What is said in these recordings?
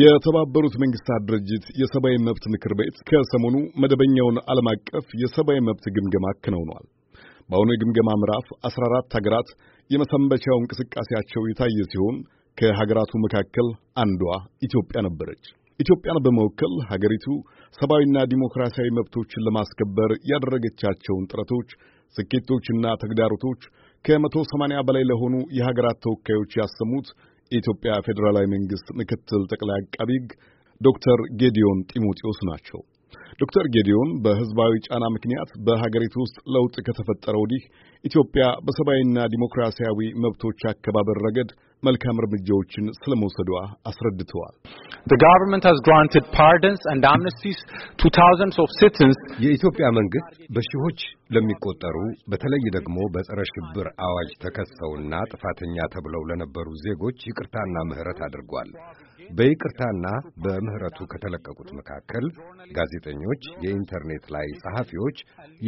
የተባበሩት መንግስታት ድርጅት የሰብአዊ መብት ምክር ቤት ከሰሞኑ መደበኛውን ዓለም አቀፍ የሰብአዊ መብት ግምገማ አከናውኗል። በአሁኑ የግምገማ ምዕራፍ 14 ሀገራት የመሰንበቻው እንቅስቃሴያቸው የታየ ሲሆን ከሀገራቱ መካከል አንዷ ኢትዮጵያ ነበረች። ኢትዮጵያን በመወከል ሀገሪቱ ሰብአዊና ዲሞክራሲያዊ መብቶችን ለማስከበር ያደረገቻቸውን ጥረቶች፣ ስኬቶችና ተግዳሮቶች ከመቶ 180 በላይ ለሆኑ የሀገራት ተወካዮች ያሰሙት የኢትዮጵያ ፌዴራላዊ መንግስት ምክትል ጠቅላይ አቃቢ ዶክተር ጌዲዮን ጢሞቴዎስ ናቸው። ዶክተር ጌዲዮን በህዝባዊ ጫና ምክንያት በሀገሪቱ ውስጥ ለውጥ ከተፈጠረ ወዲህ ኢትዮጵያ በሰብአዊና ዲሞክራሲያዊ መብቶች አከባበር ረገድ መልካም እርምጃዎችን ስለመውሰዷ አስረድተዋል። The government has granted pardons and amnesties to thousands of citizens. የኢትዮጵያ መንግስት በሺዎች ለሚቆጠሩ በተለይ ደግሞ በጸረ ሽብር አዋጅ ተከሰውና ጥፋተኛ ተብለው ለነበሩ ዜጎች ይቅርታና ምህረት አድርጓል። በይቅርታና በምህረቱ ከተለቀቁት መካከል ጋዜጠኞች፣ የኢንተርኔት ላይ ጸሐፊዎች፣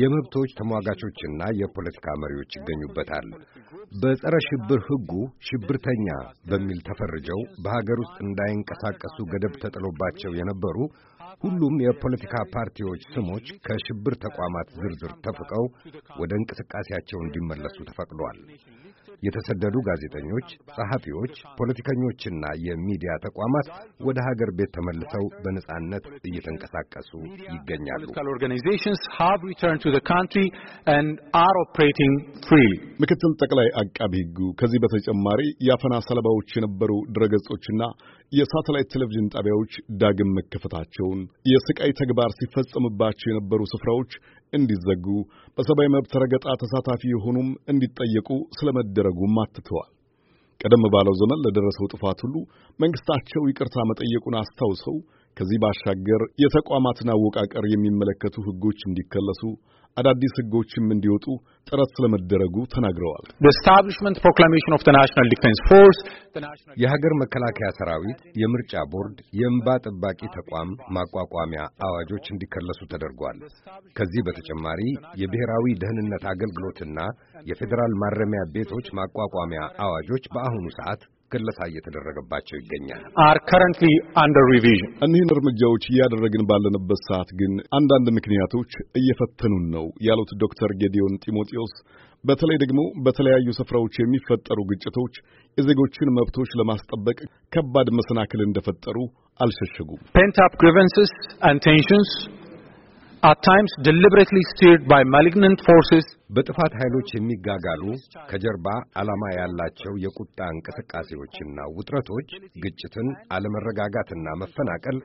የመብቶች ተሟጋቾችና የፖለቲካ መሪዎች ይገኙበታል። በጸረ ሽብር ሕጉ ሽብርተኛ በሚል ተፈርጀው በሀገር ውስጥ እንዳይንቀሳቀሱ ገደብ ተጥሎባቸው የነበሩ ሁሉም የፖለቲካ ፓርቲዎች ስሞች ከሽብር ተቋማት ዝርዝር ተፍቀው ወደ እንቅስቃሴያቸው እንዲመለሱ ተፈቅዷል። የተሰደዱ ጋዜጠኞች፣ ጸሐፊዎች፣ ፖለቲከኞችና የሚዲያ ተቋማት ወደ ሀገር ቤት ተመልሰው በነጻነት እየተንቀሳቀሱ ይገኛሉ። ምክትል ጠቅላይ አቃቢ ሕጉ ከዚህ በተጨማሪ የአፈና ሰለባዎች የነበሩ ድረገጾችና የሳተላይት ቴሌቪዥን ጣቢያዎች ዳግም መከፈታቸውን፣ የስቃይ ተግባር ሲፈጸምባቸው የነበሩ ስፍራዎች እንዲዘጉ በሰብአዊ መብት ረገጣ ተሳታፊ የሆኑም እንዲጠየቁ ስለመደረጉም አትተዋል። ቀደም ባለው ዘመን ለደረሰው ጥፋት ሁሉ መንግስታቸው ይቅርታ መጠየቁን አስታውሰው ከዚህ ባሻገር የተቋማትን አወቃቀር የሚመለከቱ ህጎች እንዲከለሱ አዳዲስ ህጎችም እንዲወጡ ጥረት ስለመደረጉ ተናግረዋል። የሀገር መከላከያ ሰራዊት፣ የምርጫ ቦርድ፣ የእንባ ጠባቂ ተቋም ማቋቋሚያ አዋጆች እንዲከለሱ ተደርጓል። ከዚህ በተጨማሪ የብሔራዊ ደህንነት አገልግሎትና የፌዴራል ማረሚያ ቤቶች ማቋቋሚያ አዋጆች በአሁኑ ሰዓት ገለጻ እየተደረገባቸው ይገኛል። አር ከረንትሊ አንደር ሪቪዥን። እኒህን እርምጃዎች እያደረግን ባለንበት ሰዓት ግን አንዳንድ ምክንያቶች እየፈተኑን ነው ያሉት ዶክተር ጌዲዮን ጢሞቴዎስ በተለይ ደግሞ በተለያዩ ስፍራዎች የሚፈጠሩ ግጭቶች የዜጎችን መብቶች ለማስጠበቅ ከባድ መሰናክል እንደፈጠሩ አልሸሸጉም። pent up grievances at times deliberately steered by malignant forces በጥፋት ኃይሎች የሚጋጋሉ ከጀርባ ዓላማ ያላቸው የቁጣ እንቅስቃሴዎችና ውጥረቶች ግጭትን፣ አለመረጋጋትና መፈናቀል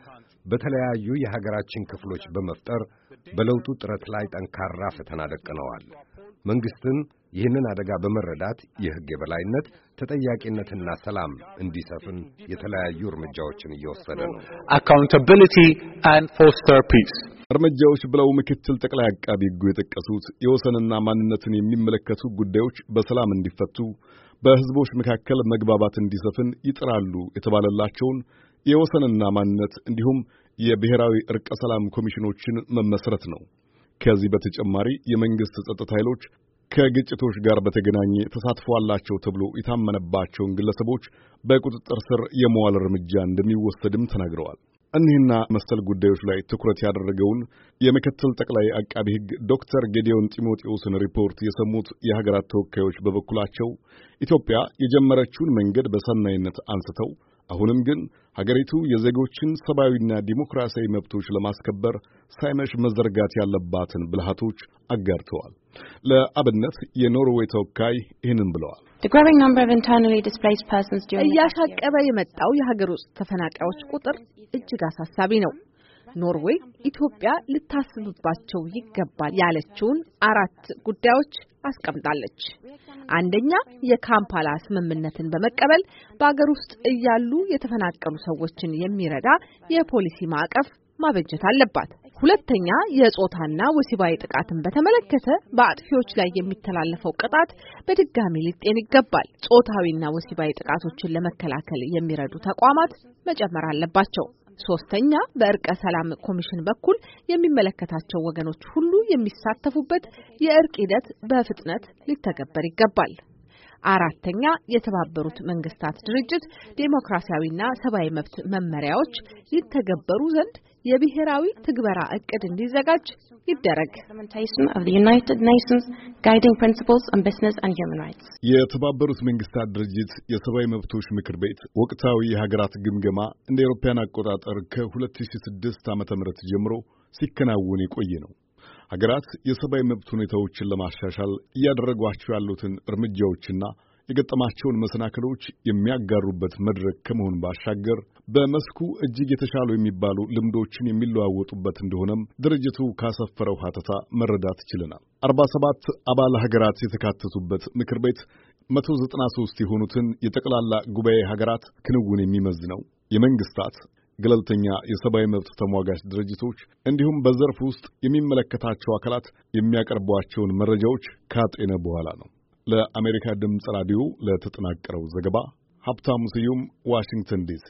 በተለያዩ የሀገራችን ክፍሎች በመፍጠር በለውጡ ጥረት ላይ ጠንካራ ፈተና ደቅነዋል። መንግስትን ይህንን አደጋ በመረዳት የሕግ የበላይነት ተጠያቂነትና ሰላም እንዲሰፍን የተለያዩ እርምጃዎችን እየወሰደ ነው። አካውንታቢሊቲ አንድ ፎስተር ፒስ እርምጃዎች ብለው ምክትል ጠቅላይ አቃቢ ሕጉ የጠቀሱት የወሰንና ማንነትን የሚመለከቱ ጉዳዮች በሰላም እንዲፈቱ በሕዝቦች መካከል መግባባት እንዲሰፍን ይጥራሉ የተባለላቸውን የወሰንና ማንነት እንዲሁም የብሔራዊ እርቀ ሰላም ኮሚሽኖችን መመስረት ነው። ከዚህ በተጨማሪ የመንግስት ጸጥታ ኃይሎች ከግጭቶች ጋር በተገናኘ ተሳትፎ አላቸው ተብሎ የታመነባቸውን ግለሰቦች በቁጥጥር ስር የመዋል እርምጃ እንደሚወሰድም ተናግረዋል። እኒህና መሰል ጉዳዮች ላይ ትኩረት ያደረገውን የምክትል ጠቅላይ አቃቢ ሕግ ዶክተር ጌዲዮን ጢሞቴዎስን ሪፖርት የሰሙት የሀገራት ተወካዮች በበኩላቸው ኢትዮጵያ የጀመረችውን መንገድ በሰናይነት አንስተው አሁንም ግን ሀገሪቱ የዜጎችን ሰብአዊና ዲሞክራሲያዊ መብቶች ለማስከበር ሳይመሽ መዘርጋት ያለባትን ብልሃቶች አጋርተዋል። ለአብነት የኖርዌይ ተወካይ ይህንን ብለዋል። እያሻቀበ የመጣው የሀገር ውስጥ ተፈናቃዮች ቁጥር እጅግ አሳሳቢ ነው። ኖርዌይ ኢትዮጵያ ልታስብባቸው ይገባል ያለችውን አራት ጉዳዮች አስቀምጣለች። አንደኛ የካምፓላ ስምምነትን በመቀበል በአገር ውስጥ እያሉ የተፈናቀሉ ሰዎችን የሚረዳ የፖሊሲ ማዕቀፍ ማበጀት አለባት። ሁለተኛ የጾታና ወሲባዊ ጥቃትን በተመለከተ በአጥፊዎች ላይ የሚተላለፈው ቅጣት በድጋሚ ሊጤን ይገባል። ጾታዊና ወሲባዊ ጥቃቶችን ለመከላከል የሚረዱ ተቋማት መጨመር አለባቸው። ሶስተኛ በእርቀ ሰላም ኮሚሽን በኩል የሚመለከታቸው ወገኖች ሁሉ የሚሳተፉበት የእርቅ ሂደት በፍጥነት ሊተገበር ይገባል። አራተኛ የተባበሩት መንግስታት ድርጅት ዴሞክራሲያዊና ሰብአዊ መብት መመሪያዎች ይተገበሩ ዘንድ የብሔራዊ ትግበራ እቅድ እንዲዘጋጅ ይደረግ። የተባበሩት መንግስታት ድርጅት የሰብአዊ መብቶች ምክር ቤት ወቅታዊ የሀገራት ግምገማ እንደ አውሮፓውያን አቆጣጠር ከ2006 ዓ.ም ጀምሮ ሲከናወን የቆየ ነው። ሀገራት የሰብአዊ መብት ሁኔታዎችን ለማሻሻል እያደረጓቸው ያሉትን እርምጃዎችና የገጠማቸውን መሰናክሎች የሚያጋሩበት መድረክ ከመሆን ባሻገር በመስኩ እጅግ የተሻሉ የሚባሉ ልምዶችን የሚለዋወጡበት እንደሆነም ድርጅቱ ካሰፈረው ሀተታ መረዳት ይችለናል። አርባ ሰባት አባል ሀገራት የተካተቱበት ምክር ቤት መቶ ዘጠና ሶስት የሆኑትን የጠቅላላ ጉባኤ ሀገራት ክንውን የሚመዝ ነው። የመንግስታት ገለልተኛ የሰብአዊ መብት ተሟጋች ድርጅቶች እንዲሁም በዘርፍ ውስጥ የሚመለከታቸው አካላት የሚያቀርቧቸውን መረጃዎች ካጤነ በኋላ ነው። ለአሜሪካ ድምፅ ራዲዮ ለተጠናቀረው ዘገባ ሀብታሙ ስዩም ዋሽንግተን ዲሲ